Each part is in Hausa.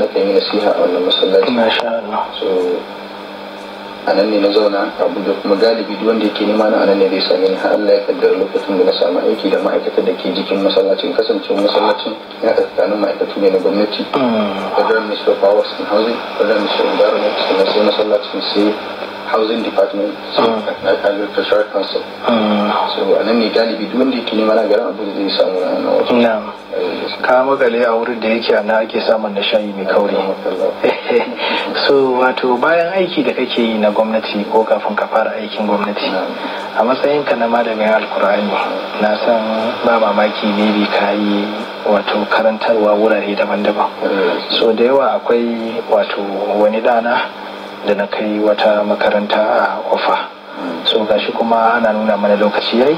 nakan yi nasiha a wannan masallaci masha Allah so a nan ne na zauna abu da kuma galibi duk wanda yake nema na a nan ne zai same ni har Allah ya kaddara lokacin da na samu aiki da ma'aikatar da ke jikin masallacin kasancewar masallacin ya tsakanin ma'aikatu ne na gwamnati hmm. federal ministry of powers and housing federal ministry of environment sannan sai masallacin sai housing department a ah. cultural council ah. so a nan ne galibi duk wanda yake neman na abu da zai samu na wajen eh, ka magale a wurin da yake ana ake samun na shayi mai kauri so wato bayan aiki da kake yi na gwamnati ko kafin ka fara aikin gwamnati a matsayin ka na malamin alkur'ani na san ba mamaki ne bi ka yi wato karantarwa wurare daban-daban eh, so da yawa akwai wato wani dana da na kai wata makaranta a ofa so gashi kuma ana nuna mana lokaci yayi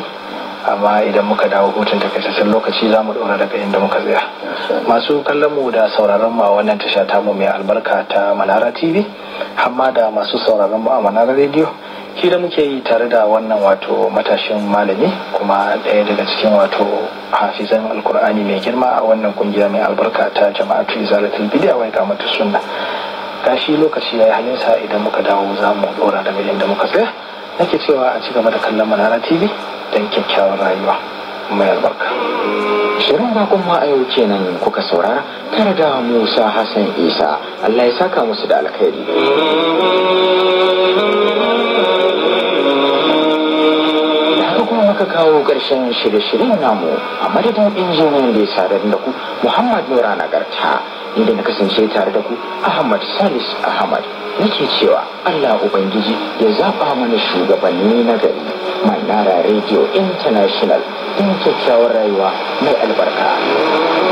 amma idan muka dawo hutun takaitaccen lokaci za mu ɗora daga inda muka tsaya masu kallon mu da sauraron mu a wannan tasha ta mu mai albarka ta manara tv hamma da masu sauraron mu a manara rediyo hira muke yi tare da wannan wato matashin malami kuma ɗaya daga cikin wato hafizan alkur'ani mai girma a wannan kungiya mai albarka ta jama'atu izalatul bidiya wai kamata sunna gashi lokaci ya yi sa idan muka dawo za mu dora daga inda muka tsaya nake cewa a ci gaba da kallon manara tv don kyakkyawar rayuwa mai albarka shirin bakon ma a yau kenan kuka saurara tare da musa hassan isa allah ya saka musu da alkhairi muka kawo ƙarshen shirye-shiryen namu a madadin injiniyan da ya sadar da ku muhammad nora nagarta inda na kasance tare da ku Ahmad Salis Ahmad nake cewa Allah Ubangiji ya zaba mana shugabanni na gari Manara Radio International in kyakkyawar rayuwa mai albarka.